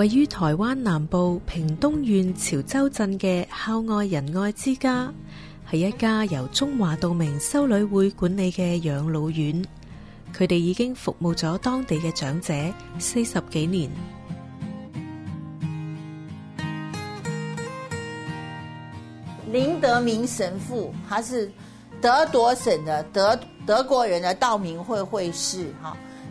位於台灣南部屏東縣潮州鎮嘅孝愛仁愛之家，係一家由中華道明修女會管理嘅養老院。佢哋已經服務咗當地嘅長者四十幾年。林德明神父，他是德國省的德德國人的道明會會士，哈。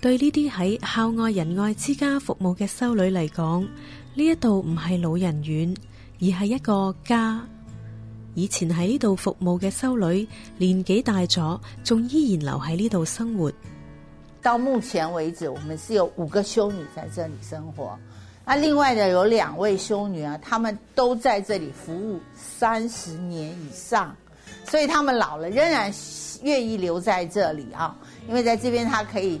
對呢啲喺孝愛仁愛之家服務嘅修女嚟講，呢一度唔係老人院，而係一個家。以前喺呢度服務嘅修女年紀大咗，仲依然留喺呢度生活。到目前為止，我們是有五個修女在這裏生活。另外呢有兩位修女啊，她們都在這裏服務三十年以上，所以她們老了仍然願意留在這裏啊，因為在這邊，她可以。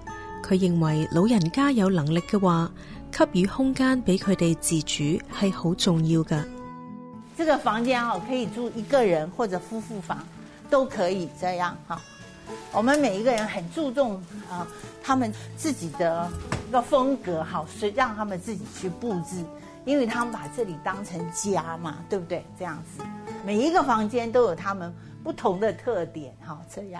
佢認為老人家有能力嘅話，給予空間俾佢哋自主係好重要㗎。這個房間啊，可以住一個人或者夫婦房都可以，這樣哈。我們每一個人很注重啊，他們自己的一個風格哈，是讓他們自己去佈置，因為他們把這裏當成家嘛，對不對？這樣子，每一個房間都有他們不同的特點哈，這樣。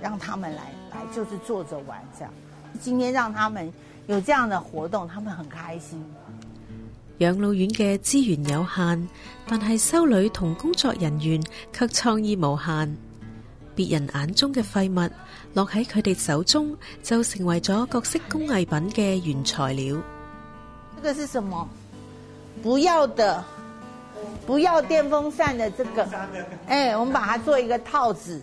讓他們來來，就是坐着玩這樣。今天讓他們有這樣的活動，他們很開心。養老院嘅資源有限，但是修女同工作人員卻創意無限。別人眼中嘅廢物，落喺佢哋手中就成為咗各式工藝品嘅原材料。這個是什麼？不要的，不要電風扇的這個，那個，哎，我們把它做一個套子。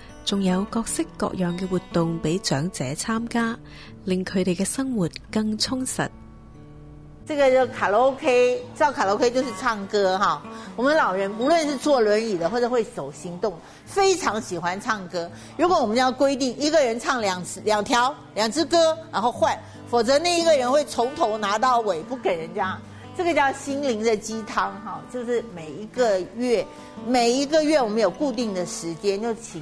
仲有各式各樣嘅活動俾長者參加，令佢哋嘅生活更充實。這個叫卡拉 OK，做卡拉 OK 就是唱歌哈。我們老人無論是坐輪椅的或者會走行動，非常喜歡唱歌。如果我們要規定一個人唱兩兩條兩支歌，然後換，否則那一個人會從頭拿到尾，不給人家。這個叫心靈的雞湯哈，就是每一個月，每一個月我們有固定的時間就請。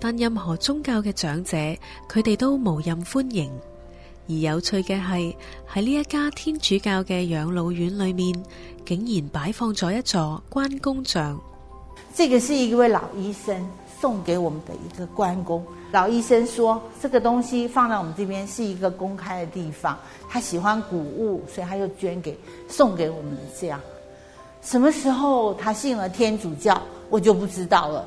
但任何宗教嘅長者，佢哋都無任歡迎。而有趣嘅係，喺呢一家天主教嘅養老院裏面，竟然擺放咗一座關公像。這個是一位老醫生送給我們的一個關公。老醫生說，這個東西放在我們這邊是一個公開的地方。他喜歡古物，所以他又捐給送給我們這樣。什麼時候他信了天主教，我就不知道了。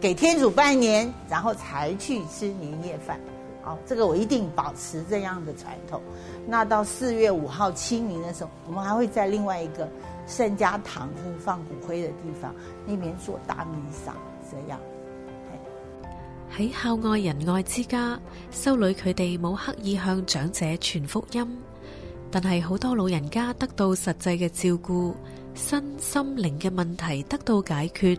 給天主拜年，然後才去吃年夜飯。好，這個我一定保持這樣的傳統。那到四月五號清明的時候，我們還會在另外一個聖家堂，放骨灰的地方那邊做大彌撒。這樣，喺校外仁愛之家，修女佢哋冇刻意向長者傳福音，但係好多老人家得到實際嘅照顧，身心靈嘅問題得到解決。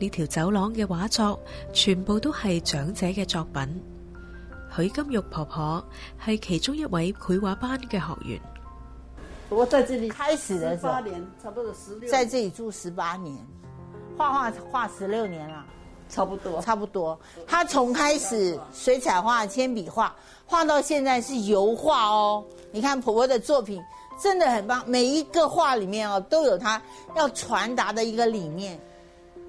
呢條走廊嘅畫作全部都係長者嘅作品。許金玉婆婆係其中一位繪畫班嘅學員。我在這裏開始十八年，差不多十六，在這裏住十八年，畫畫畫十六年啦，差不多，差不多。她從開始水彩畫、鉛筆畫，畫到現在是油畫哦。你看婆婆的作品，真的很棒，每一個畫裏面哦都有她要傳達的一個理念。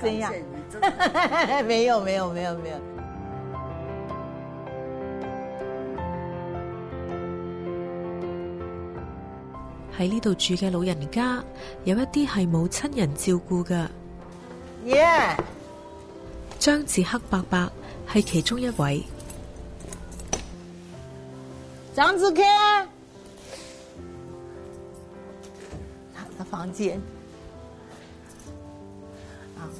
真沒有沒有沒有沒有。喺呢度住嘅老人家，有一啲係冇親人照顧㗎。爺、yeah.，張志克伯伯係其中一位。張志克，喺個房間。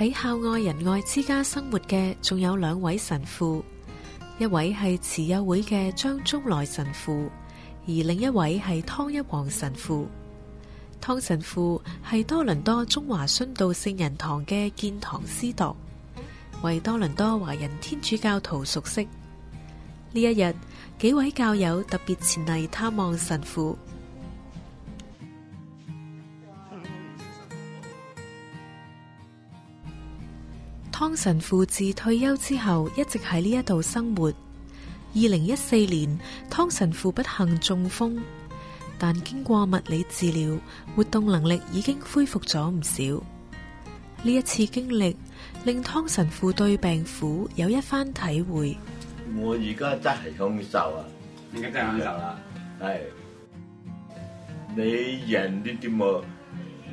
喺校外仁愛之家生活嘅，仲有兩位神父，一位係慈幼會嘅張中來神父，而另一位係湯一王神父。湯神父係多倫多中華殉道聖人堂嘅建堂司鐸，為多倫多華人天主教徒熟悉。呢一日，幾位教友特別前嚟探望神父。湯神父自退休之後一直喺呢一度生活。二零一四年，湯神父不幸中風，但經過物理治療，活動能力已經恢復咗唔少。呢一次經歷令湯神父對病苦有一番體會。我而家真係享受啊！而家真享受啦，係你人呢啲冇。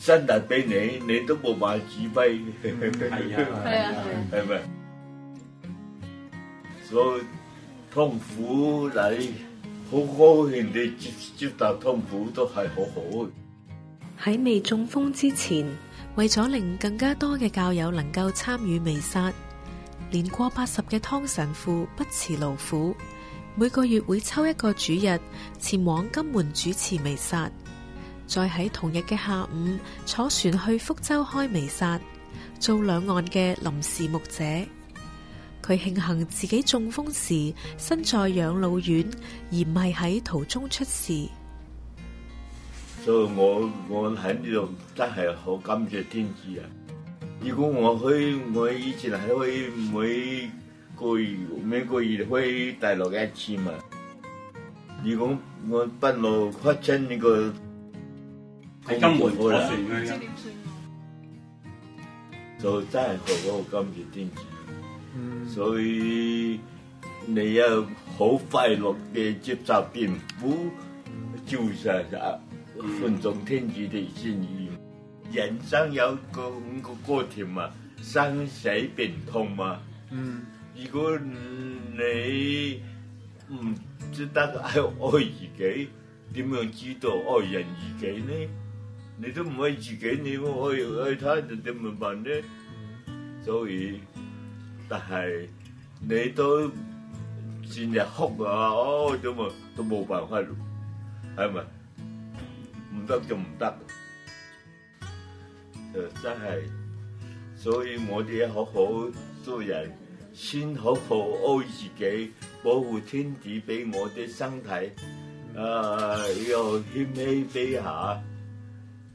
申達俾你，你都冇話自卑。係啊，係啊，係咪？所以，湯婦你好高興地接接到湯婦都係好好。喺未中風之前，為咗令更加多嘅教友能夠參與彌撒，年過八十嘅湯神父不辭勞苦，每個月會抽一個主日前往金門主持彌撒。再喺同日嘅下午坐船去福州開彌撒，做兩岸嘅臨時牧者。佢慶幸自己中風時身在養老院，而唔係喺途中出事。所以，我我喺呢度真係好感謝天主啊！如果我去，我以前係去每個月每個月去大陸一次嘛。如果我不羅發生呢個。金門，唔知點算，就真係做嗰個金如天子，所以你啊好快樂地接受病苦，照實順從天主的旨意。人生有個五個過程嘛，生死病痛嘛。嗯，如果你唔識得愛愛自己，點樣知道愛人自己呢？你都唔愛自己，你唔可以愛他，就點樣辦呢？所以，但係你都成日哭啊！哦，都冇都冇辦法，係咪？唔得就唔得，就真係。所以我哋要好好做人，先好好愛自己，保護天主俾我哋身體，啊，要謙卑低下。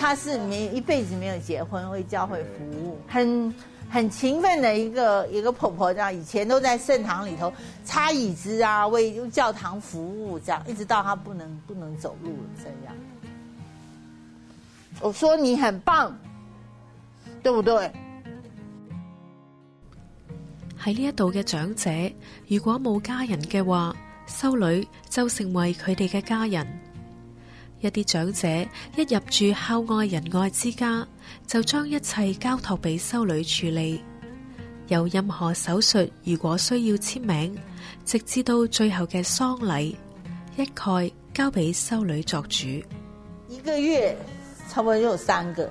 她是沒一輩子沒有結婚，為教會服務，很很勤奮的一個一個婆婆這樣。以前都在聖堂裏頭擦椅子啊，為用教堂服務這樣，一直到她不能不能走路了這樣。我說你很棒，對不對？喺呢一度嘅長者，如果冇家人嘅話，修女就成為佢哋嘅家人。一啲長者一入住孝愛仁愛之家，就將一切交託俾修女處理。有任何手術如果需要簽名，直至到最後嘅喪禮，一概交俾修女作主。一個月差不多有三個。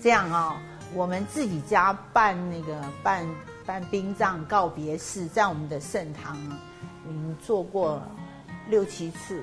這樣啊、哦，我們自己家辦那個辦辦殯葬告別式，在我們的聖堂啊，我們做過六七次。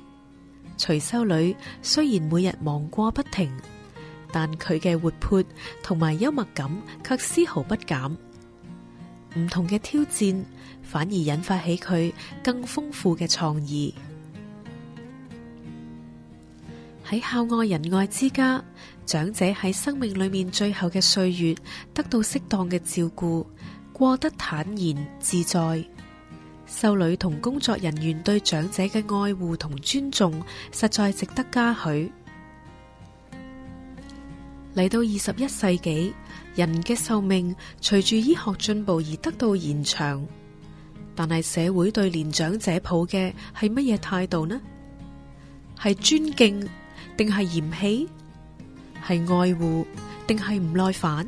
徐修女雖然每日忙過不停，但佢嘅活潑同埋幽默感卻絲毫不減。唔同嘅挑戰，反而引發起佢更豐富嘅創意。喺孝愛仁愛之家，長者喺生命裏面最後嘅歲月，得到適當嘅照顧，過得坦然自在。修女同工作人員對長者嘅愛護同尊重，實在值得嘉許。嚟到二十一世紀，人嘅壽命隨住醫學進步而得到延長，但係社會對年長者抱嘅係乜嘢態度呢？係尊敬，定係嫌棄？係愛護，定係唔耐煩？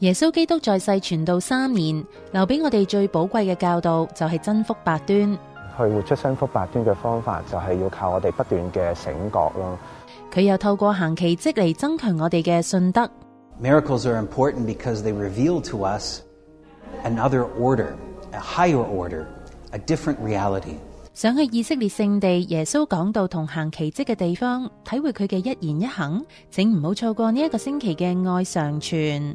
耶穌基督在世傳道三年，留俾我哋最寶貴嘅教導就係、是、真福八端。去活出真福八端嘅方法就係、是、要靠我哋不斷嘅醒覺咯。佢又透過行奇蹟嚟增強我哋嘅信德。Miracles are important because they reveal to us another order, a higher order, a different reality。想去以色列聖地耶穌講道同行奇蹟嘅地方，體會佢嘅一言一行，請唔好錯過呢一個星期嘅愛常傳。